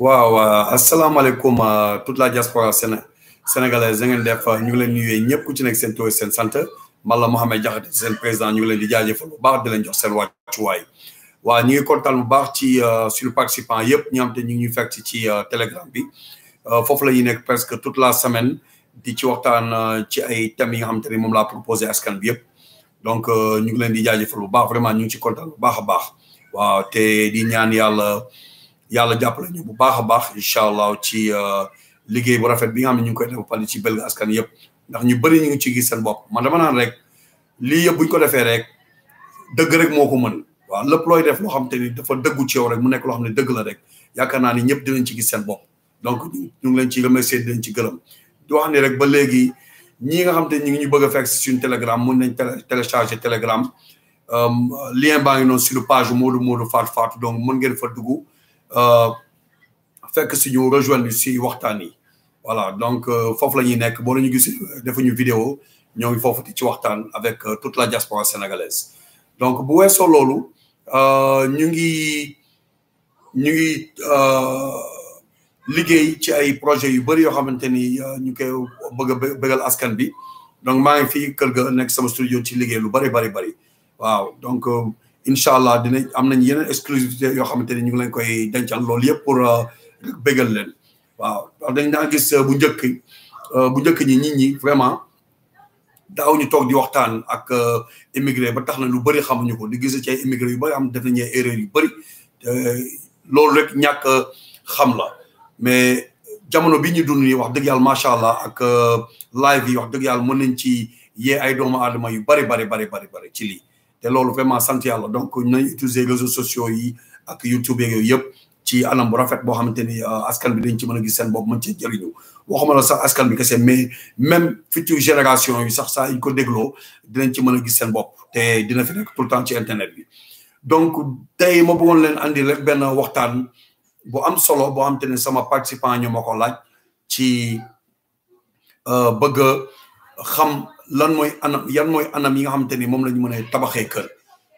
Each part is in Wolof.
waaw asalaamaaleykum euh, toute la diaspora sénégalaise da ngeen def ñu ngi leen nuyee ñëpp ku ci nekk seen tur seen sant man la Mohamed Diakhaté seen président ñu ngi leen di jaajëfal bu baax di leen jox seen wàccuwaay waaw ñu ngi kontaan bu baax ci euh, suñu participants yëpp ñi xam te ñu ngi fekk ci euh, telegram bi foofu la ñuy nekk presque toute la semaine di ci waxtaan ci ay thèmes yi nga xam te moom laa proposé askan bi yëpp donc ñu ngi leen di jaajëfal bu baax vraiment ñu ngi ci kontaan bu baax a baax waaw te di ñaan yàlla. yàlla jàppale ñu bu baax a baax incha allah ci euh, liggéey bu rafet bi nga xam ñu ngi koy def pali ci belga askan yëpp ndax ñu bëri ñu ngi ci gis seen bopp man dama naan rek lii yëpp bu ñu ko defee rek dëgg rek moo ko mën waaw lépp looy def loo xam ni dafa dëggu ci yow rek mu nekk loo xam ne dëgg la rek yaakaar naa ni ñëpp dinañ ci gis seen bopp donc ñu ngi leen ci remercier dinañ ci gërëm di wax rek ba léegi ñii nga xam te ñu ngi ñu bëgg a si suñu telegram mun nañ télécharger telegram euh, lien baa ngi noonu sur page Modou Modou Fatou Fatou donc mën ngeen fa dugg Euh, fekk si ñu rejoindre si waxtaan yi voilà donc euh, foofu la ñuy nekk boo la ñu gis defuñu vidéo ñoo ngi foofu ci waxtaan avec euh, toute la diaspora sénégalaise donc bu weesoo loolu ñu ngi ñu ngi liggéey ci ay projets yu bari yoo xamante ni ñu koy bëgg askan bi donc maa ngi fii kër ga nekk sama studio ci liggéey lu bëri bari bëri waaw donc incha allah dinañ am nañ yeneen exclusivité yoo xamante ni ñu ngi leen koy dencal loolu yëpp pour euh, bégal leen waaw dañ daan gis euh, bu njëkk euh, bu njëkk ñi nit ñi vraiment daaw ñu toog di waxtaan ak immigré ba tax na lu bëri xamuñu ko di gis ci ay immigré yu bari am def nañu ay erreur yu bëri loolu rek ñàkk xam la mais jamono bi ñu dund nii wax dëgg yàlla macha allah ak live yi wax dëgg yàlla mën nañ ci yee ay doomu aadama yu bari bari bari bari bari ci lii te loolu vraiment sant yàlla donc na utiliser réseaux sociaux yi ak YouTube yeeg yooyu yëpp ci anam bu rafet boo xamante ni euh, askan bi dañ ci mën a gis seen bopp mën cee jëriñu waxuma la sax askan bi kese mais même ci génération yi sax saa ñu ko dégloo dinañ ci mën a gis seen bopp te dina fi nekk tout le temps ci internet bi. donc tey ma bëggoon leen andi lek benn waxtaan bu am solo boo xamante ne sama participant ñu ma ko laaj ci euh, bëgg xam lan mooy anam yan mooy anam yi nga xamante ni moom la ñu mën tabaxee kër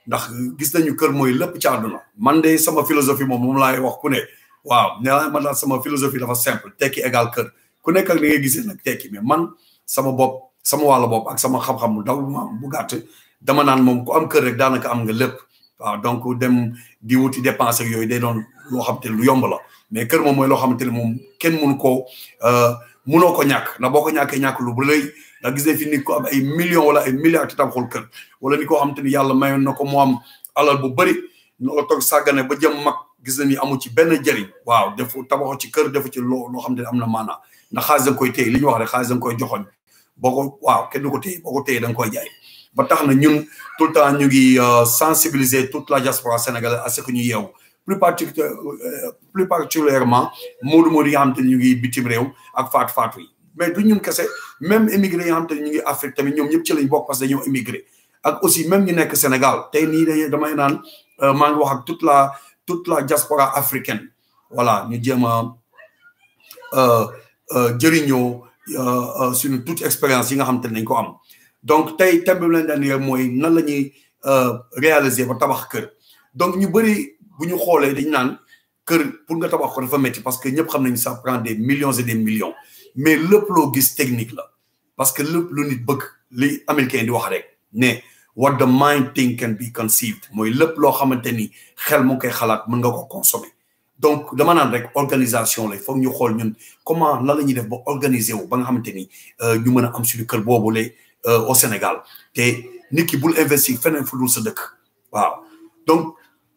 ndax gis nañu kër mooy lépp ci àdduna man de sama philosophie moom moom laay wax ku ne waaw nee naa man daal sama philosophie dafa simple tekki égal kër ku nekk ak ni ngay gis nag tekki mais man sama bopp sama wàll bopp ak sama xam-xam bu daw bu gàtt dama naan moom ko am kër rek daanaka am nga lépp waaw donc dem di wuti dépense ak yooyu day doon loo xam te lu yomb la mais kër moom mooy loo xamante ni moom kenn mënu koo euh, mënoo ko ñàkk ndax boo ko ñàkkee ñàkk lu bu rëy ndax gis nañ fi ni ko am ay millions wala ay milliards te tabaxul kër wala ni ko xam te ni yàlla mayoon na ko mu am alal bu bëri noo toog sàggane ba jëm mag gis nañ ni amu ci benn jëriñ waaw defu tabaxu ci kër defu ci loo loo xam te ne am na maanaa ndax da koy téye li ñu wax rek xaalis da koy joxoñ boo ko waaw kenn du ko téye boo ko da nga koy jaay ba tax na ñun tout le temps ñu ngi euh, sensibiliser toute la diaspora sénégalaise à ce que ñu yeewu plus parti euh, euh, plus particulièrement moodu moodu yi ñu ngi bitim réew ak faatu faatu mais du ñun kese même émigré yi nga ñu ngi Afrique tamit ñom ñëpp ci lañ bokk parce dañu émigré ak aussi même ñu nekk Sénégal tay ni da damay naan euh, maa ngi wax ak toute la toute la diaspora africaine voilà ñu euh euh jéem euh, jëriñoo euh, suñu toute expérience yi nga xam te nañ ko am donc tay thème bi leen daan mooy nan la euh réaliser ba tabax kër donc ñu bëri bu ñu xolé dañ naan kër pour nga tabax ko dafa metti parce que ñëpp xam nañ ça prend des millions et des millions mais le plus gis technique là, parce que le lu nit bëgg li américain di wax rek ne what the mind think can be conceived moy lepp lo xamanteni xel mu koy xalat mën nga ko consommer donc dama naan rek organisation les foog ñu xol ñun comment la lañu def ba organiser wu ba nga xamante euh, ñu mëna am suñu kër bobu le euh, au Sénégal té nit ki bul investir feneen fu dul sa dëkk waaw donc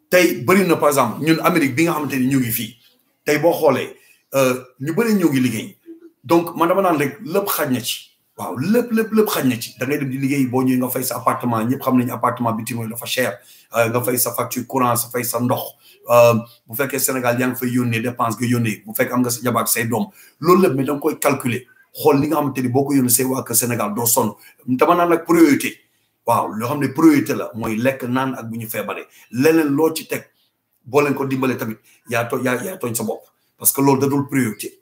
tay bari na par exemple ñun Amérique bi nga xamanteni ñu ngi tay bo xolé euh ñu bëri ñu ngi liggéey donc man dama nan rek lépp xaj na ci waaw lépp lépp lépp xaj ci da ngay dem di liggéey boo ñëwee nga fay sa appartement ñepp xam nañ appartement bitim réew dafa cher euh, nga fay sa facture courant sa fay sa ndox euh, bu fekkee Sénégal yaa ngi fay yónnee dépense nga yónnee bu fekkee am nga sa jabar say doom loolu lepp mais da nga koy calculer xol li nga xamante ni boko ko say wa ke Sénégal do son dama naan nag priorité waaw lo xam priorité la moy lek nan ak buñu ñu feebaree leneen loo ci teg bo len ko dimbalé tamit ya tooñ yaa yaa tooñ sa bop parce que loolu da dul priorité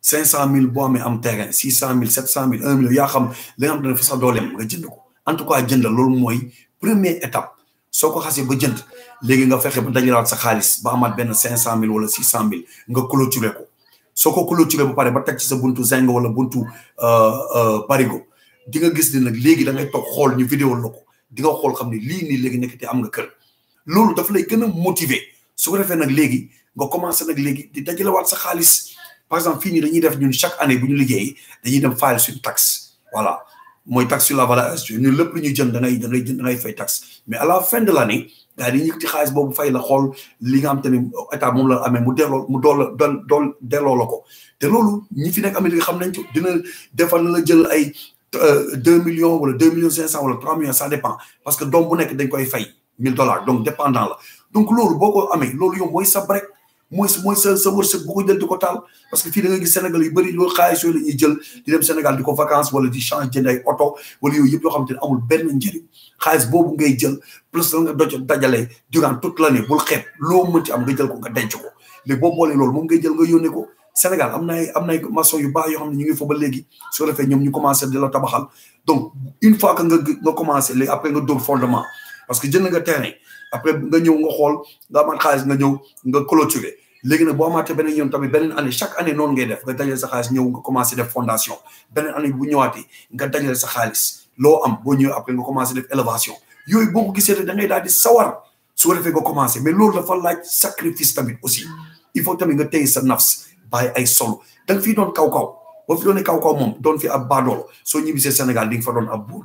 cinq cent mille boo amee am terrain six cent mille sept cent mille un million yaa xam li nga xam ne fa dooleem nga jënd ko en tout cas jënd loolu mooy première étape soo ko xasee ba jënd léegi nga fexe ba dajalaat sa xaalis ba amaat benn cinq cent mille wala six cent mille nga clôturer ko soo ko clôturer ba pare ba teg ci sa buntu zinc wala buntu euh, euh, parigo di nga gis ni nag léegi da toog xool ñu vidéo la ko di xool xam ni lii nii léegi nekk te am nga kër loolu daf lay gën a motiver defee nag léegi nga commencé nag léegi di dajalawaat sa xaalis par exemple fini nii dañuy def ñun chaque année bu ñu liggéey dañuy dem file suñu taxe voilà mooy taxe sur la valeur ajoutée ñun lépp lu ñuy jënd da ngay da ngay da ngay fay taxe mais à la fin de l' année daal di yëkkati xaalis boobu fay la xool li nga xam te ne état moom la amee mu delloo mu dool dool dool delloo la ko te loolu ñi fi nekk Amérique xam nañ ko dina defal na la jël ay 2 euh, millions wala 2 millions 500 wala 3 millions ça dépend parce que doom bu nekk dañ koy fay 1000 dollars donc dépendant la donc loolu boo ko amee loolu yow mooy sa break mooy mooy sa sa wërsëg ko jël di ko taal parce que fii da nga gis Sénégal yu bëri loolu xaalis yooyu la ñuy jël di dem Sénégal di ko vacances wala di change jënd oto wala yooyu yëpp yoo xamante ne amul benn njëriñ xaalis boobu ngay jël plus la nga doj dajalee durant toute l'année bul xeeb loo mënti am nga jël ko nga denc ko léegi boo boolee loolu moom ngay jël nga yónnee ko Sénégal am na ay am yu baax yoo xam ne ñu ngi fa ba léegi soo defee ñoom ñu commencé di la tabaxal donc une fois que nga nga commencé après nga ñëw nga xool nga amaat xaalis nga ñëw nga clôturer léegi nag boo amaatee beneen yoon tamit beneen année chaque année noonu ngay def nga dajale sa xaalis ñëw nga commencé def fondation beneen année bu ñëwaatee nga dajale sa xaalis loo am boo ñëwee après nga commencé def élévation yooyu boo ko gisee ngay daal di sawar su mais sacrifice tamit aussi il faut tamit nga téye sa nafs bàyyi ay solo da nga fii doon kaw-kaw boo fi kaw-kaw moom doon fi ab Sénégal di nga fa doon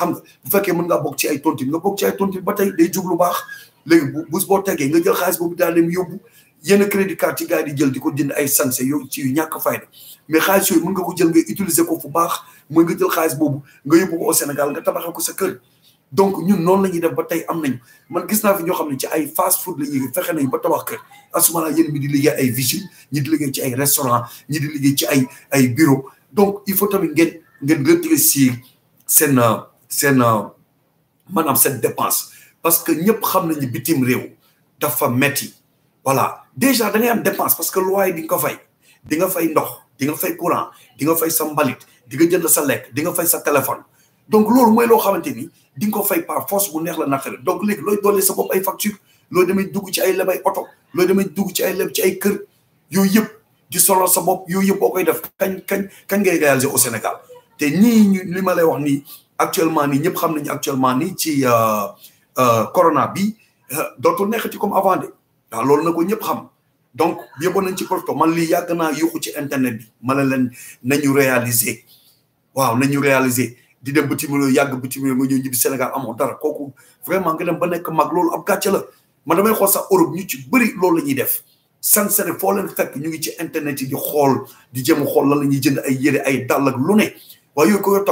xam nga bu fekkee mën ngaa bokk ci ay tontine nga bokk ci ay tontine ba tey jub lu baax léegi bu bus boo tegee nga jël xaalis boobu daal dem yóbbu yenn crédit card ci gars yi jël di ko jënd ay sanse yow ci yu ñàkk fayda mais nga ko jël nga utiliser ko fu baax mooy nga jël xaalis boobu nga yóbbu ko au Sénégal nga tabaxal ko sa kër donc ñun noonu la ñuy def ba tey am nañu man gis naa ñoo xam ne ci ay fast food fexe nañu ba tabax kër asumala yéen mi di liggéey ay vigile ñi di liggéey ci ay restaurant ñi di liggéey ci ay ay bureau donc il faut tamit ngen ngeen ngeen rétrécir seen euh, c'est euh, une dépense parce que ñep xam nañu bitim réew dafa metti voilà déjà da am dépense parce que loi di ko fay di nga fay ndox di nga fay courant di nga fay sa mbalit di nga jënd sa nous di nga fay sa téléphone donc lool moy lo xamanteni di par force bu neex la donc les, dolé sa ay facture demay dugg ci ay auto, demay dugg ci ay ci ay kër yoy di solo sa def au Sénégal té ñu li actuellement ni ñëpp xam nañu actuellement nii ci euh, euh, corona bi euh, dootul nekkati comme avant de waaw loolu na ko ñëpp xam donc yëppoon nañ ci profito man lii yàgg naa yuuxu ci internet bi ma na leen nañu réaliser waaw ñu réaliser di dem bitim réew yàgg bitim réew nga ñëw ñibbi Sénégal amoo dara kooku vraiment nga dem ba nekk mag loolu ab gàcce la man damay xool sax Europe ñu ci bëri loolu la ñuy def sincère foo leen fekk ñu ngi ci internet yi di xool di jëm xool lan la ñuy jënd ay yére ay dàll lu ne waaye yooyu ko yor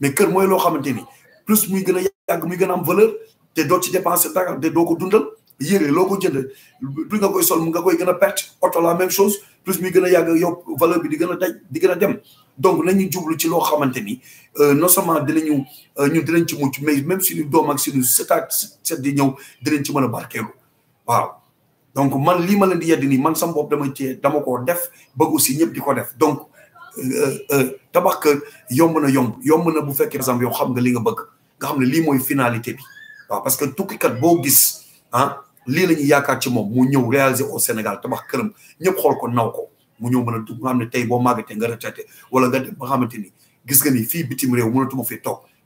mais kër mooy loo xamante plus mi gëna yag yàgg gëna am valeur té do ci dépenser dara te do ko dundal yére loo ko jënd plus nga koy sol mu nga koy gëna a perte la même chose plus mi gëna yag yo valeur bi di gëna daj di gëna dem donc lañu djublu ci lo xamanteni euh non seulement dinañu euh, ñu dinañ ci mucc mais même suñu doom ak suñu setaat set di ñëw dinañ ci mën barké barkeelu waaw donc man li ma leen di yedd ni man sam bopp dama ci dama ko def bëgg aussi ñëpp diko def donc Euh, euh, tabax kër yomb na yomb yomb na bu fekkee par exemple yow xam nga li nga bëgg nga xam ne lii mooy finalité bi waaw parce que tukkikat boo gis ah lii lañ ñuy yaakaar ci moom mu ñëw réaliser au Sénégal tabax këram ñëpp xool ko naw ko mu ñëw mën a tukki nga xam ne tey boo màggatee nga retraité wala nga dem ba xamante ni gis nga ni fii bitim réew mënatuma fi toog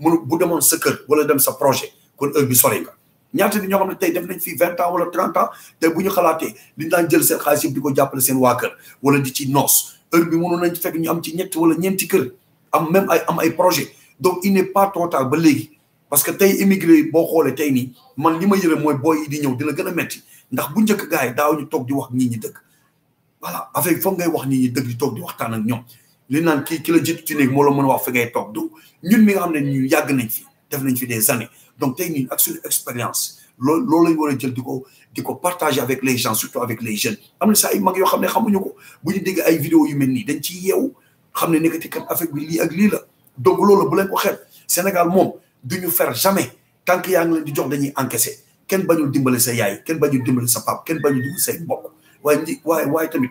mënu bu demoon sa kër wala dem sa projet kon heure bi sori nga ñaata ni ñoo xam ne tey def nañ fii vingt ans wala trent ans tey bu ñu xalaatee liñ daan jël seen xaalis yëpp di ko jàppale seen waa wala di ci noos heure bi mënoon nañ feg ñu am ci ñetti wala ñeenti kër am même ay am ay projet donc il n'est pas trop tard ba léegi parce que tey immigré boo xoolee tey nii man li may yërëm mooy booy i di ñëw dina gën a metti ndax bu njëkk gars yi daaw ñu toog di wax nit ñi dëkk voilà affaire foog ngay wax nit ñi toog di waxtaan ak ñoom li naan qui ki la jiitu ci néeg moo la mën wax fi ngay toog du ñun mi nga xamne ne ñu yag nañ fi def nañ fi des années donc tey ñun ak suñu expérience lo lo lañ war a jël di partager avec les gens surtout avec les jeunes am na sa mag ne xamuñu ko bu ñu dégg ay vidéo yu melni dañ ci yew xamne ne nekkati kat affaire bi lii ak li la donc loolu bu leen ko xeeb Sénégal mom duñu faire jamais tant que yaa ngi di jox dañuy encaisser ken bañu dimbalé sa yaay ken bañu dimbalé sa pap ken bañu dimbale sa mbokk way way way tamit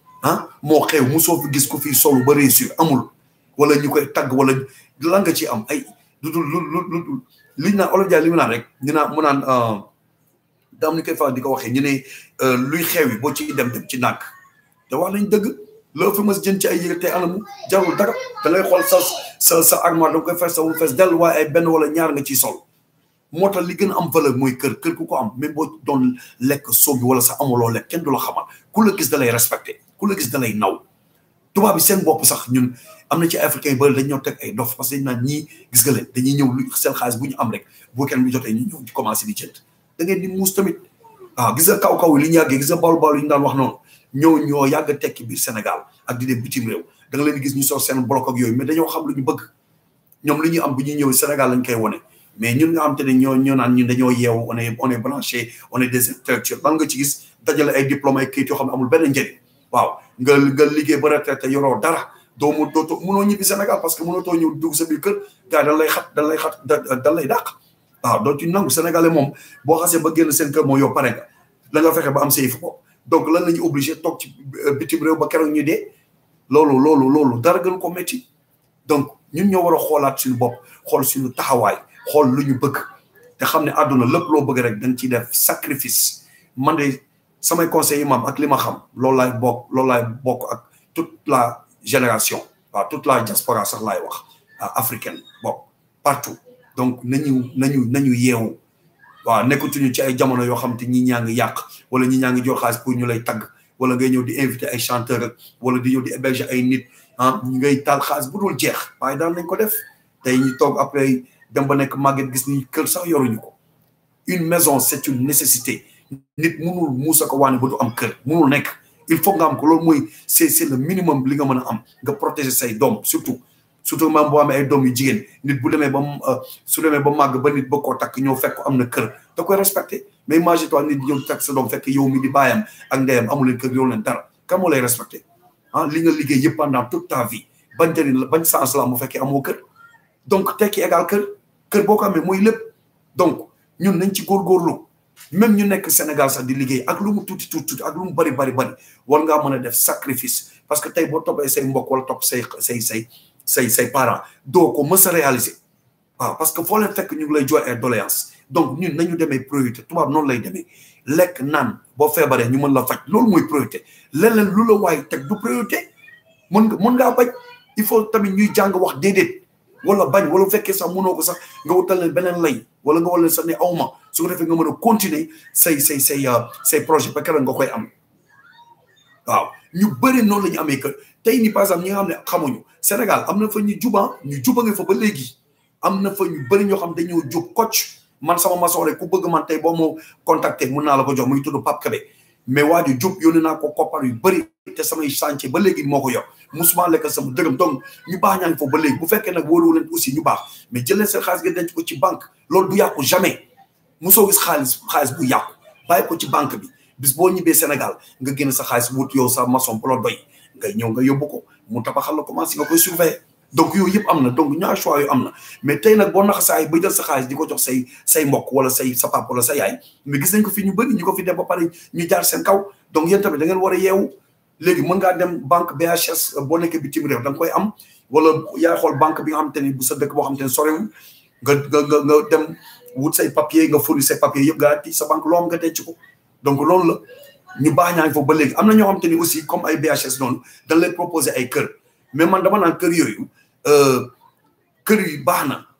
ah moo xew mu fi gis ko fii solo ba réussir amul wala ñu koy tagg wala lan nga ci am ay lu du lu lu liñ naan olof jaay li mu naan rek ñu naan mu naan euh, daam ñu koy faral di ko waxee ñu euh, luy xew yi boo ci dem dem ci nàkk te wax nañ dëgg loo fi mas jën ci ay yére te anamu jarul dara da ngay xool sa sa sa armoire da nga koy fees sa wu fees dell wala ñaar nga ciy sol moo tax li gën a am valeur mooy kër kër ku ko am même boo doon lekk soobi wala sa amuloo lek kenn du la xamal ku la gis da lay respecté ku la gis da lay naw tubaab bi seen bopp sax ñun am na ci africain ba dañ ñoo teg ay dof parce que dañ naan gis nga leen dañuy ñëw lu seen xaalis bu ñu am rek bu kenn bi jotee ñu ñëw di commencé di jënd da ngeen di muus tamit waaw ah, gis nga kaw kaw li ñu yàggee gis nga baalu baalu ñu daan wax noonu ñoo ñoo yàgg tekki biir Sénégal ak di bu bitim réew da nga leen gis ñu sor seen bloc ak yooyu mais dañoo xam lu ñu bëgg ñoom li ñu am bu ñuy ñëw Sénégal lañ koy wone mais ñun nga xam te ne ñoo ñoo naan ñu dañoo yeewu on est on est branché on est lan nga ci gis dajale ay diplôme ay kayit xam ne benn njëriñ waaw nga nga liggéey ba retraité yoroo dara doo mu o mënoo ñibbi Sénégal parce que mënoo too ñëw dugg sa biir kër gars yi dañ lay xat dan lay xat dañ lay dàq waaw dootu nangu sénégalais moom boo xasee ba génn seen kër moo yow pare nga fexe ba am sa yëfu donc lan la ñu obligé toog ci euh, bitim réew ba keroog ñu dee loolu loolu loolu dara gën ko métti donc ñun ñoo war a xoolaat suñu bopp xool suñu taxawaay xool lu ñu bëgg te xam ne àdduna lépp loo bëgg rek dañ ciy def sacrifice man de samay conseils mam ak lima xam loolu lay bok loolu lay bok ak toute la génération waaw toute la diaspora sax lay wax ah, africaine bok partout donc nañu nañu nañu yew wa nekkatuñu ci ay jamono yo xam te ñi ñang ngi yàq wala ñi ñang ngi jox xaalis pour ñu lay tag wala ngay ñew di inviter ay chanteur wala di ñew di héberger ay nit ah ngay tal xaalis bu dul jeex way daan nañ ko def tay ñu tok après dem ba nek màgget gis ni keur sax yoruñu ko une maison c'est une nécessité nit munul muusa ko waane ba du am kër munul nekk il faut nga am ko loolu mooy c'est c'est le minimum li nga mën a am nga protéger say doom surtout surtout maam boo amee doom yu jigéen nit bu demee ba euh, su demee ba màgg ba nit ba koo takk ñëw fekk am na kër da ko respecté mais imagine toi nit ñëw takk sa doom fekk yow mi di baayam ak ndeyam amu leen kër yow leen dara kan moo lay respecté ah li nga liggéey yëpp tout toute ta vie ban njëriñ la ban sens la mu fekkee amoo kër donc tekki égal kër kër boo ko amee mooy lépp donc ñun nañ ci góorgóorlu même ñu nekk Sénégal sax di liggéey ak lu mu tuuti tuuti tuuti ak lu mu bari bari bari war ngaa mën a def sacrifice parce que tey boo toppee say mbokk wala topp say say say sey say parents doo ko mës a waaw parce que foo leen fekk ñu ngi lay jooy ay doléance donc ñun nañu demee priorité tubaab noonu lay demee lekk naan boo feebaree ñu mën la faj loolu mooy priorité leen lu la waay teg du priorité mën nga mën ngaa bañ il faut tamit ñuy jàng wax déedéet wala bañ wala bu fekkee sax mënoo ko sax nga wutal beneen lay wala nga wala sax ne awma su ko defee nga mën a continuer say say say euh, say projet ba keroog nga koy am waaw ñu bëri noonu la ñu amee kër tey ni par exemple ñi nga xam ne xamuñu Sénégal am na fa ñu juba ah, ñu juba nga fa ba léegi am na fa ñu bëri ñoo xam dañoo jub coach man sama ma rek ku bëgg man tey boo mu contacter mun naa la ko jox muy tudd Pape mais waa ju jub yónnee naa ko kopar yu bëri te samay chantier ba léegi moo ko yor musuma lekk sama dërëm donc ñu baax ñaa ngi ba léegi bu fekkee nag wóolu leen aussi ñu baax mais jëlee leen seen xaalis ngeen ko ci banque loolu du yàqu jamais musoo gis xaalis xaalis bu yàqu bàyyi ko ci banque bi bis boo ñibbee Sénégal nga génn sa xaalis wut yow sax maçon bu la doy nga ñëw nga yóbbu ko mu tabaxal la commencé nga koy surveiller donc yooyu yëpp am na donc ñaar choix yu am na mais tey nag boo naxasaay ba jël sa xaalis di ko jox say say mbokk wala say sa papa wala sa yaay mais gis nañ ko fi ñu bëri ñu ko fi dem ba pare ñu jaar seen kaw donc yéen tamit da ngeen war a yeewu léegi mën ngaa dem banque BHS euh, boo nekkee bitim réew da nga koy am wala yaay xool banque bi nga xamante ni bu sa dëkk boo xamante ni soriwul nga nga nga nga dem wut say papier nga fournir say papier yëpp garanti sa banque loo am nga denc ko donc loolu la ñu baax ñaa ngi foofu ba léegi am na ñoo xamante ni aussi comme ay BHS noonu dañ lay proposer ay kër mais man dama naan kër yooyu euh, kër yi baax na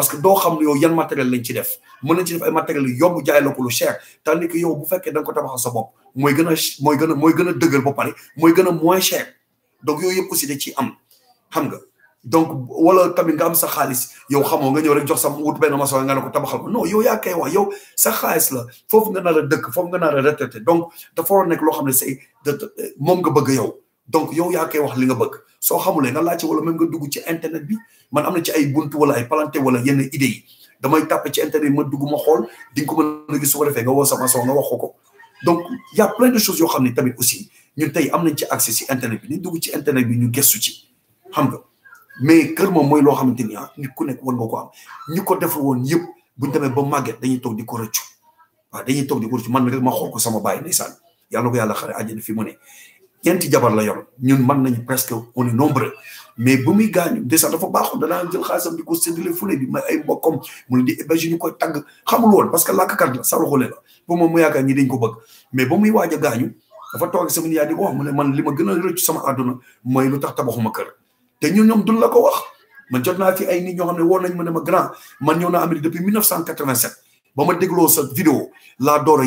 parce que doo xam ne yow yan matériel lañ ci def mën nañ ci def ay matériel yu yomb jaay la ko lu cher tandis que yow bu fekkee da nga ko tabaxal sa bopp mooy gën a mooy gën a gën a dëgër ba pare mooy gën a moins cher donc yooyu yëpp aussi da ciy am xam nga donc wala tamit ga am sa xaalis yow xamoo nga ñëw rek jox sa wut benn maçon nga ne ko tabaxal ko non yow yaa koy wax yow sa xaalis la foofu nga nar a dëkk foofu nga nar a retraité donc dafa war a nekk loo xam ne say moom nga bëgg yow donc yow yaa koy wax li nga bëgg soo xamulee nga laajte wala même nga dugg ci internet bi man am na ci ay buntu wala ay palanté wala yenn idées damay tàppe ci internet bi ma dugg ma xool di nga ko mën a gis su ko defee nga woo sama soo nga wax ko donc y' a plein de choses yoo xam ne tamit aussi ñun tey am nañ ci accès si internet bi ni dugg ci internet bi ñu gëstu ci xam nga mais kër moom mooy loo xamante ni ah nit ku nekk war nga ko am ñu ko def woon yëpp bu ñu demee ba màgget dañuy toog di ko rëccu waa dañu toog di ko rëccu man rek ma xool ko sama baay ndeysaan yàlla ko yàlla xare àjjana fi mu ne ñeenti jabar la yor ñun mën nañu presque on est nombreux mais ba muy gaañu de sax dafa baaxoon danaa jël xaalisam di ko séddale fule bi ma ay mbokkam mu ne di héberger eh ñu koy tàgg xamul parce que làkkat la sax loxole la ba moom mu yaakaar ñi dañ ko bëgg mais ba muy waaj a gaañu dafa toog sama yaay di wax man li ma gën a rëcc sama àdduna mooy lu tax tabaxuma kër te ñun ñoom duñ la ko wax man jot naa fi ay nit ñoo xam ne woon nañ ma ne ma grand man ñëw naa Amérique depuis 1987 ba ma dégloo sa vidéo laa door a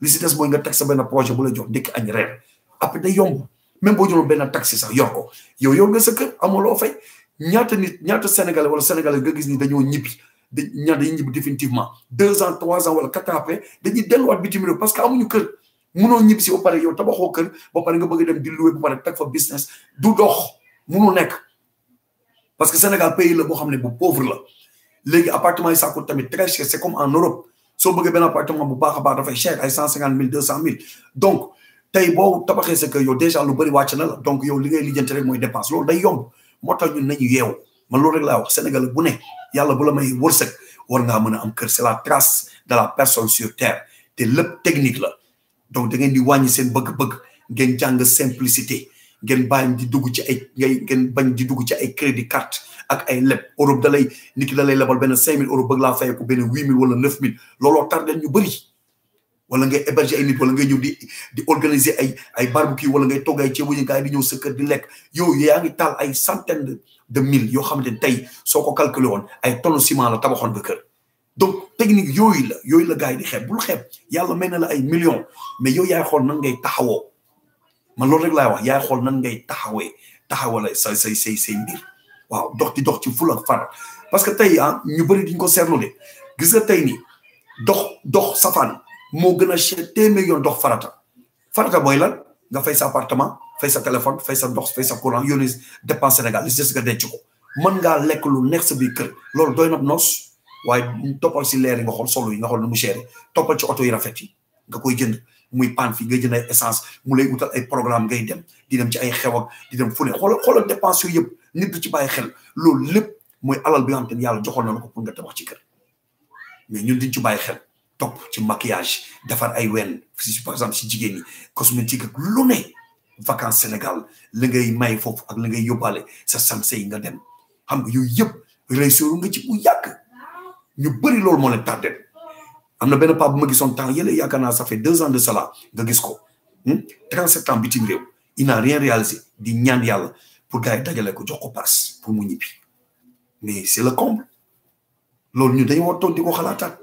li si des mooy nga teg sa benn projet bu la jox ndekki añ reer après day yomb même boo jëloon benn taxi sax yor ko yow nga sa amuloo fay ñaata nit ñaata sénégalais wala sénégalais nga gis ni dañoo ñibbi dañ ñaata dañuy ñibbi définitivement deux ans trois ans wala quatre ans après dañuy delluwaat bitim parce que amuñu kër munoo ñibbi si ba pare yow tabaxoo kër ba pare nga bëgg dem di louer ba pare teg fa business du dox munu nekk parce que Sénégal pays la boo xam ne bu pauvre la léegi appartement yi ça coûte tamit très cher en Europe soo bëggee benn appartement bu baax a baax dafay cher ay cent cinquante mille deux cent mille donc tey boo tabaxee sa kër yow déjà lu bari wàcc na donc yow li ngay lijjanti rek mooy dépense loolu day yomb moo ta ñun nañu yeewu man loolu rek laa wax Sénégal bu ne yàlla bu la wërsëg war ngaa mën a am kër c'est la trace de la personne sur terre te lépp technique la donc da ngeen di wàññi seen bëgg-bëgg ngen jàng simplicité ngeen bàyyi di dugg ci ay ngay ngeen bañ di dugg ci ay crédit carte ak ay leb Europe dalay nit ki dalay lay lebal benn cinq euros bëgg laa fay ko benn 8000 wala 9000 mille looloo tar leen ñu bëri wala ngay héberger ay nit wala ngay ñëw di di organiser ay ay barbecue wala ngay togg ay ceebu yi gars di ñëw sa kër di lekk yow yaa ngi taal ay centaine de mille yoo xamante ne tey soo ko calculer woon ay tonne ciment la tabaxoon ba kër donc technique yooyu la yooyu la gars di xeeb bul xeeb yàlla may na la ay millions mais yow yaay xool nan ngay taxawoo man loolu rek laay wax yaay xool nan ngay taxawee taxawala say say say say mbir waaw dox ci dox ci ful ak parce que tey ah ñu bëri diñ ko seetlu de gis nga tey nii dox dox safaan moo gën a cher téeméer yoon dox farata farata booy lan nga fay sa appartement fay sa téléphone fay sa dox fay sa courant yónni dépense Sénégal li si des nga denc ko mën ngaa lekk lu neex sa biir kër loolu doy na noos waaye toppal si leer yi nga xool solo yi nga xool ne mu cher toppal ci oto yi rafet yi nga koy jënd muy paan fi nga jënd ay essence mu lay utal ay programme ngay dem di dem ci ay xew di dem fu ne xoolal xoolal yëpp nit du ci bàyyi xel loolu lépp mooy alal bi nga xam te ne yàlla joxoon na ko pour nga tabax ci kër mais ñun di ci bàyyi xel topp ci maquillage defar ay wenn par exemple si jigéen ñi cosmétique ak lu ne vacances Sénégal la ngay may foofu ak la ngay yóbbaale sa samse yi nga dem xam nga yooyu yëpp réussir nga ci bu yàgg ñu bëri loolu moo leen tardé am na benn paa bu ma gisoon temps yële yaakaar naa ça fait deux ans de cela nga gis ko 37 hmm? ans bitim réew il n'a rien réalisé di ñaan yàlla pour gars yi dajale ko jox ko paas pour mu ñibbi mais c'est le comble loolu ñu dañu war toon di ko xalaataat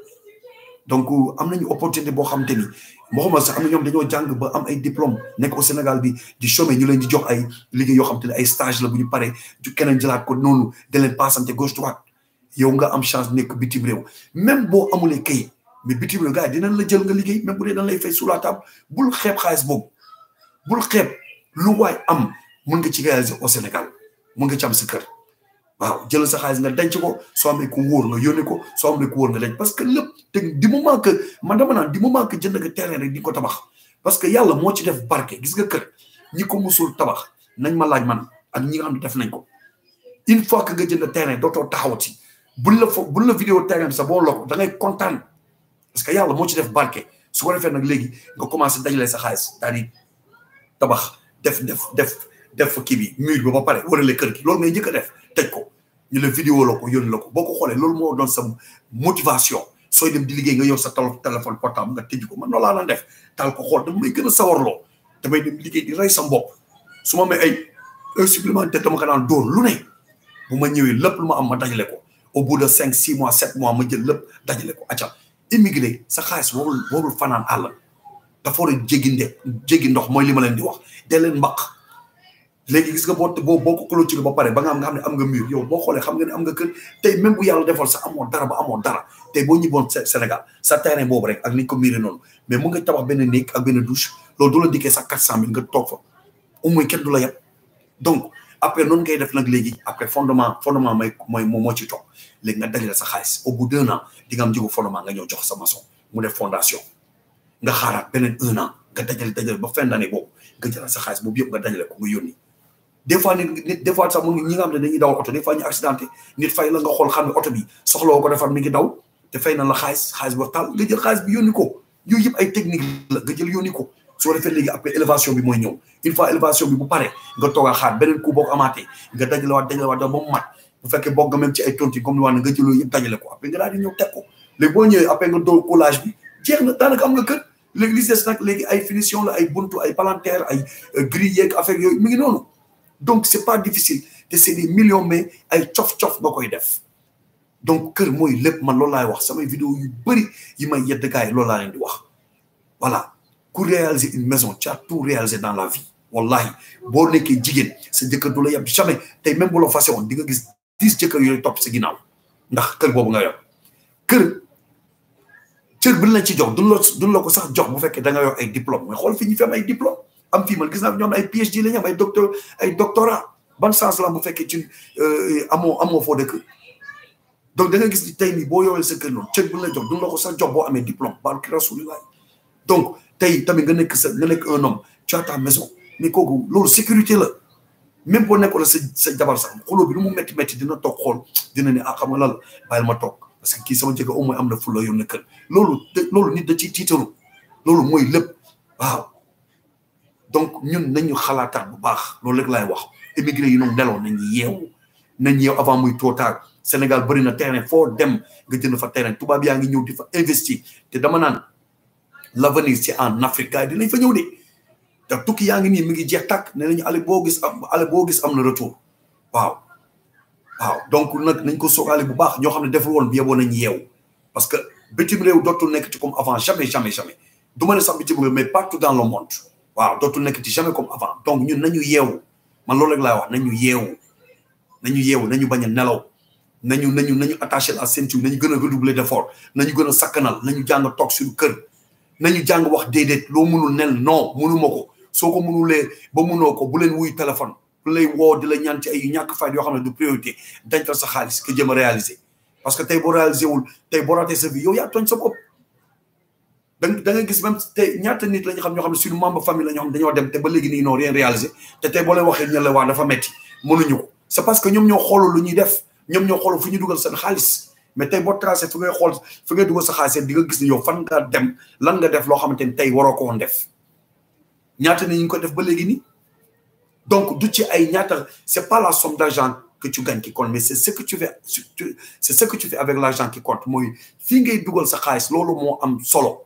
donc am nañu opportunité boo xam te ni waxuma sax am na ñoom dañoo jàng ba am ay diplôme nekk au Sénégal bi di chômer ñu leen di jox ay liggéey yoo xam te ne ay stage la bu ñu paree keneen jëlaat ko noonu da leen passante gauche droite yow nga am chance nekk bitim réew même boo amulee kayit mais bitim réew gars yi dinañ la jël nga liggéey même bu dee dañ lay fay sous la table bul xeeb xaalis boobu mën nga ci réaliser au Sénégal mën nga ci am sa kër waaw jëlal sa xaalis nga denc ko soo amee ku wóor nga yónnee ko soo amee ku wóor nga denc parce que lépp te du moment que man dama naan di moment que jënd nga terrain rek di ko tabax parce que yàlla moo ci def barke gis nga kër ñi ko musul tabax nañ ma laaj man ak ñi nga xam ne def nañ ko une fois que nga jënd terrain dootoo taxawati buñ la fo buñ la vidéo terrain bi sax boo loo ko da ngay kontaan parce que yàlla moo ci def barke su ko defee nag léegi nga commencé dajale sa xaalis daal tabax def def def def fa kii bi mur bi ba pare warale kër gi loolu ngay njëkk a def tëj ko ñu la vidéo la ko yónni la ko boo ko xoolee loolu moo doon sa motivation sooy dem di liggéey nga yor sa téléphone portable nga tëj ko ma noonu laa daan def taal ko xool dama may gën a sawarloo damay dem liggéey di sa bopp su ma amee ay heure supplémentaire dama ko daan dóor lu ne bu ma ñëwee lépp lu ma am ma dajale ko au bout de cinq six mois sept mois ma jël lépp dajale ko acca immigré sa xaalis warul warul fanaan àll dafa war a jéggi nde ndox mooy li ma leen di wax dee leen mbaq léegi gis nga boo bo boo ko clôture ba pare ba nga am nga xam ne am nga mur yow boo xoolee xam nga ne am nga kër tey même bu yàlla defoon sa amoo dara ba amoo dara tey boo ñibboon Sénégal sa terrain boobu rek ak ni ko miiree noonu mais mu nga tabax benn néeg ak benn douche loolu du la dikkee sax quatre cent mille nga toog fa au moins kenn du la yeb donc après noonu ngay def nag léegi après fondement fondement may mooy moo ci toog léegi nga dajale sa xaalis au bout d'un an di nga am jigu fondement nga ñëw jox sa mu def fondation nga xaaraat beneen un an nga dajale dajale ba fin d'année boobu nga jëlaat sa xaalis boobu yëpp nga dajale ko nga yónni des fois nit des fois sax mu ñi nga xam ne dañuy dawal oto des fois ñu accidenté nit fay la nga xool xam ne oto bi soxlawoo ko defar mi ngi daw te fay na la xaalis taal nga jël xaalis bi ko yooyu yëpp ay technique la nga jël yónni ko soo defee léegi après élévation bi mooy ñëw une fois élévation bi bu pare nga a xaar beneen coup boo ko amaatee nga dajalewaat dajalewaat da ba mu mat bu fekkee bokk nga même ci ne nga jëloo yëpp dajale ko après nga daal ñëw après nga doo collage bi jeex na daanaka am nga kër léegi des nag léegi ay finition la ay buntu ay palanteer ay euh, grille yeeg yooyu mi ngi noonu donc c'est pas difficile de c'est des millions mais ay je def donc keur moy lepp man wax sama vidéo yu yi yedd gaay di wax voilà pour réaliser une maison tu as tout réalisé dans la vie wallahi sa la jamais tay même bu la di nga gis tu top sa ndax keur nga la ci jox la sax jox bu da nga ay diplôme mais diplôme am fii man gis naa ñoom ay PhD la ñu am ay docteur ay doctorat ban sens la bu fekkee ci euh, amoo amoo foo dëkk donc da nga gis ni tey nii boo yoree sa kër noonu cër bu la jox du la ko sax jox boo amee diplôme baal ki rasulilaay tey tamit nga nekk sa nga nekk un homme tu as ta maison mais kooku loolu sécurité la même boo nekkoon sa sa jabar sax xuloo bi lu mu métti métti dina toog xool dina ne ah xam nga lan la ma toog parce que kii sama jege au moins am na fu la yor na kër loolu loolu nit da ciy tiitaru loolu mooy lépp waaw donc ñun nañu pas bu baax loolu rek laay wax émigré yi noonu nañu yeewu nañu yeewu avant muy trop Sénégal bëri na terrain dem nga fa terrain tubaab yaa ngi ñëw di fa investir te dama l'avenir c'est en Afrique yi fa ñëw de te tukki yaa ngi nii mi ngi jeex tàkk ne retour waaw waaw donc nag nañ ko bu baax ñoo xam ne deful woon parce que bitim réew dootul comme avant jamais jamais jamais du ma ne sax bitim mais partout dans le monde waaw dootul nekk ci jamais comme avant donc ñun nañu yeewu man loolu rek laa wax nañu yeewu nañu yeewu nañu bañ a nelaw nañu nañu ñu attaché la ceinture nañu gën a redoubler d'effort nañu gën a sakkanal nañu jàng toog suñu kër nañu jàng wax déedéet loo mënul nel noo mënuma ko soo ko mënulee ba mënoo ko bu leen wuy téléphone bu lay woo di la ñaan ci ay ñàkk fayda yoo xam ne du priorité dencal sa xaalis que jëm a réaliser parce que tey boo réaliser wul tey boo raté sa yow yaa sa bopp da nga gis même tey ñaata nit la ñu xam ñoo xam ne suñu membre famille la ñoo xam dañoo dem te ba léegi nii non rien réalisé te tey boo leen waxee ñu la waa dafa metti mënuñu ko c'est parce que ñoom ñoo xoolul lu ñuy def ñoom ñoo xoolul fu ñu dugal seen xaalis mais tey boo tracé fu ngay xool fu ngay dugal sa xaalis di nga gis ne yow fan nga dem lan nga def loo xamante ni tey waroo ko woon def ñaata nit ñu ko def ba léegi nii donc du ci ay ñaata c'est pas la somme d'argent que tu gagnes qui compte mais c'est ce que tu fais c'est ce que tu fais avec l'argent qui compte mooy fii ngay dugal sa xaalis loolu moo am solo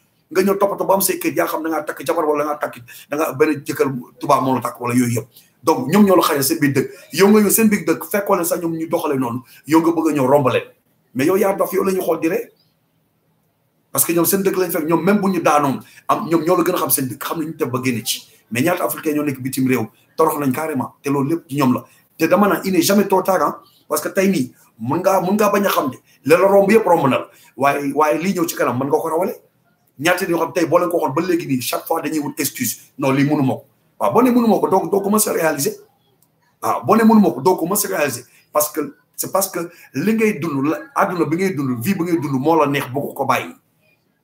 nga ñu topato ba am say kër yaa xam da ngaa takk jabar wala nga takk da nga benn jëkkër tuba moo la takk wala yooyu yëpp donc ñoom ñoo la xajal seen biir dëkk yow nga yow seen biir dëkk fekkoo leen sax ñoom ñu doxale noonu yow nga bëgg a ñëw rombale mais yow yaa dof yow la ñu xool di ree parce que ñoom seen dëkk lañ fekk ñoom même bu ñu daanoon am ñoom ñoo la gën a xam seen dëkk xam nañu te ba génn ci mais ñaata africain ñoo nekk bitim réew torox nañ carrément te loolu lépp ci ñoom la te dama naan il n'est jamais trop tard hein parce que tey nii mun ngaa mun ngaa bañ a xam ne la la romb yëpp romb na la waaye waaye lii ñëw ci kanam mën nga ko rawale ñaata ñu xam tey bo la ko xool ba légui nii chaque fois dañuy wut excuse non li mënu ma wa bo né mënu ma donc donc doo ko réaliser wa bo né mënu ma donc doo ko réaliser parce que c'est parce que li ngay dund la àdduna bi ngay dund vie bi ngay dund mo la neex bu ko bayyi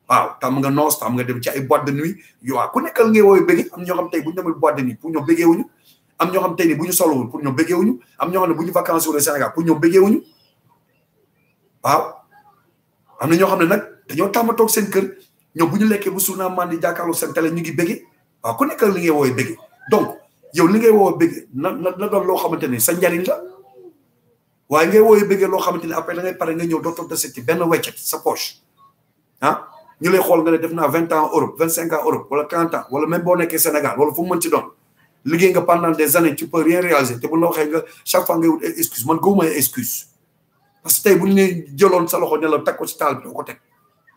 waaw tam nga noos tam nga dem ci ay boîte de nuit yow ku nekkal ngay woy bëgg am ñoo xam tey bu ñu demul boîte de nuit pour ñoo bëggee wuñu am ñoo xam tey ni bu ñu solowul pour ñoo bëggee wuñu am ñoo xam ne bu ñu vacances wala Sénégal pour ñoo bëggee wuñu waaw am na ñoo xam ne nag dañoo tàmm toog seen kër ñoom bu ñu lekkee bu suur naa maan di jàkkaarloo seen télé ñu ngi bége waaw ku nekk li ngay woowee bége donc yow li ngay woowee bége na loo xamante ni sa njariñ la waaye ngay woowee bége loo xamante ni après da ngay pare nga ñëw dootoo deseti benn weccet sa poche ah ñu lay xool nga ne def naa vingt ans Europe vingt cinq ans Europe wala trente ans wala même boo nekkee Sénégal wala fu mu mën ci doon liggéey nga pendant des années tu peux rien réaliser te bu la nga chaque sa loxo ne la teg ko bi doo ko teg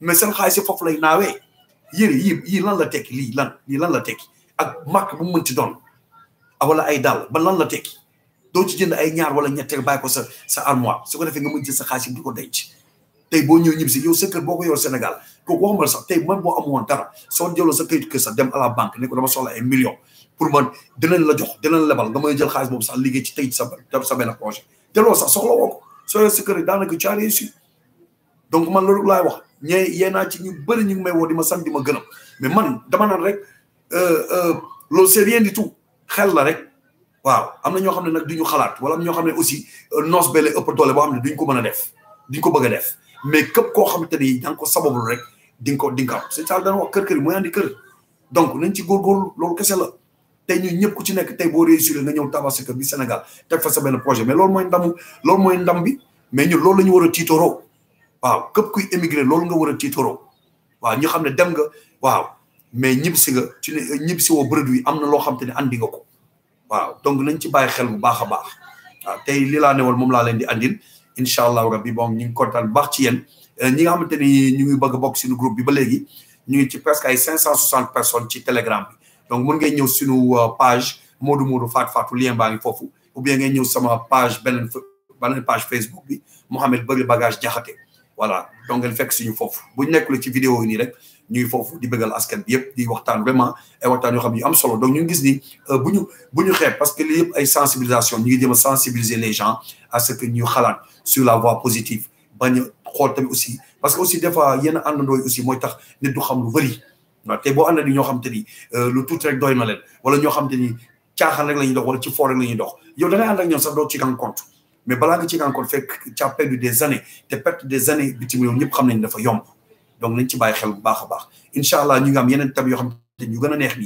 mais seen xaalis si foofu lay naawee yére yi yii lan la tekki lii lan lii lan la tekki ak marque bu mu mënti doon ah, wala ay dàll ba lan la tekki doo ci jënd ay ñaar wala ñetteel bàyyi ko sa sa armoire su ko defee nga mën ci sa xaalis yi di ko denc tey boo ñëw ñibbi si yow sa kër boo ko yor Sénégal kooku waxuma la sax tey man boo soo jëloo sa këyit sax dem la banque ne ko dama soxla ay million pour man dinañ la jox dinañ lebal nga may jël xaalis boobu sax liggéey ci tey sa sa benn projet te loolu sax soxla woo ko soo yor sa kër daanaka tu as réussi donc man loolu laay wax ñee yeenaa ci ñu bëri ñu ngi may woo di ma sant di ma gënam mais man dama naan rek euh, euh, loolu c'est rien du xel la rek waaw am na ñoo xam ne nag du ñu xalaat wala am ñoo xam ne aussi euh, noos bele ëpp doole boo xam ne duñ ko mën a def duñ ko bëgg a def mais képp koo xamante ni yaa ngi ko sababul rek di nga ko di nga ko kër kër yi mooy andi kër donc nañ ci góorgóorlu loolu kese la tey ñun ñëpp ku ci nekk tey boo réussir nga ñëw tabax sa kër bi Sénégal te fa sa benn projet mais loolu mooy ndam loolu mooy ndam bi mais ñun loolu la ñu war a tiitoroo waaw képp kuy émigré loolu nga war a tiitaroo waaw ñu xam ne dem nga waaw mais ñib si nga ci ñib si woo bërëdu am na loo xam te ne andi nga ko waaw donc nañ ci bàyyi xel bu baax a baax te tey li laa newal moom laa leen di andil incha allahu rabbi bon ñu ngi kontaan bu baax ci yéen euh, ñi nga xamante ni ñu ngi bëgg a bokk suñu groupe bi ba léegi ñu ngi ci presque ay cinq cent soixante personne ci telegram bi donc mën ngay ñëw si suñu euh, page Modou Modou Fatou Fatou lien baa ngi foofu ou bien ngay ñëw sama page beneen beneen page Facebook bi Mouhamed Bari Bagage Diakhaté voilà donc elle fait fekk suñu foofu bu ñu nekkule ci vidéo yi nii rek ñuy foofu di bëggal askan bi yëpp di waxtaan vraiment ay waxtaan yoo xam ne am solo donc ñu gis ni euh, bu ñu bu ñu xeeb parce que lii yëpp ay sensibilisation ñu ngi jëm sensibiliser les gens à ce que ñu xalaat sur la voie positive bañ a xool tamit aussi parce que aussi des fois yenn àndandoo yi aussi mooy tax nit du xam lu bëri waaw te boo ànda ni ñoo xam te ni euh, lu tuuti rek doy na leen wala ñoo xam te ni caaxaan rek la ñuy dox wala ci fort rek la ñuy dox yow da ngay ànd ak ñoom sax doo ci gan compte mais balaa nga ci encore fait tu as perdu des années te perdu des années bitim réew ñëpp xam nañ dafa yomb donc nañ ci bàyyi xel bu baax a baax incha allah ñu ngi am allons être yoo xam te ñu de a neex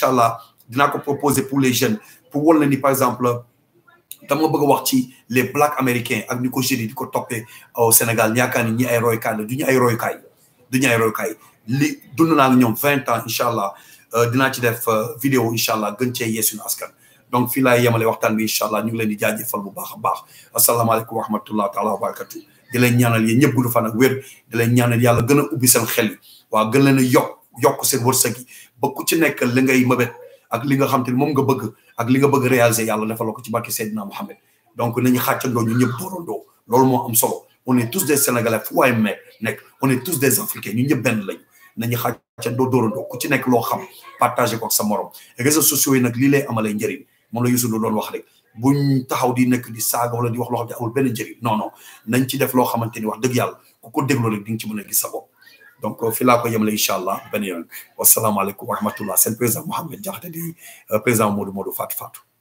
yoon ko proposer pour les jeunes pour wol na par exemple dans bëgg a wax ci les blacks américains ak ni ko jeunes ko au Sénégal yaakaar ni ñi ay roykaay la du ni ay roykaay du ñu ay roykaay li dund na ñom 20 vingt ans inshallah allah euh, dinaa ci def euh, vidéo inshallah gën ci yeesuñu askan donc fii laay yemale waxtaan bi incha allah ñu ngi ni di jaajëfal bu baax a baax asalaamaaleykum wa rahmatullah taala wa barakatu di leen ñaanal yéen ñëpp gudd fan ak wér di leen ñaanal yàlla gën a ubbi seen xel waa gën leen a yokk yokk seen wërsëg yi ba ku ci nekk li ngay mëbét ak li nga xam te ne moom nga bëgg ak li nga bëgg réaliser yàlla defal ko ci barke Seydina Mohamed donc nañu xàccandoo ñu ñëpp dóorandoo loolu moo am solo on est tous des sénégalais fu waay mee nekk on ñu ñëpp benn lañu nañu xàccandoo dóorandoo ku ci nekk loo xam partagé ko ak sa morom réseaux sociaux nag lii lay amalee njëriñ moom la Youssou Ndour doon wax rek buñ taxaw di nekk di saaga wala di wax loo xam ne amul benn njëriñ nañ ci def loo xamante ne wax dëgg yàlla ku ko déglu rek di nga ci mën a gis sa bopp donc fi laa ko yemale incha allah benn yoon wasalaamaaleykum wa rahmatullah seen président Mouhamed Diakhaté di euh, président Modou Modou Fatou Fatou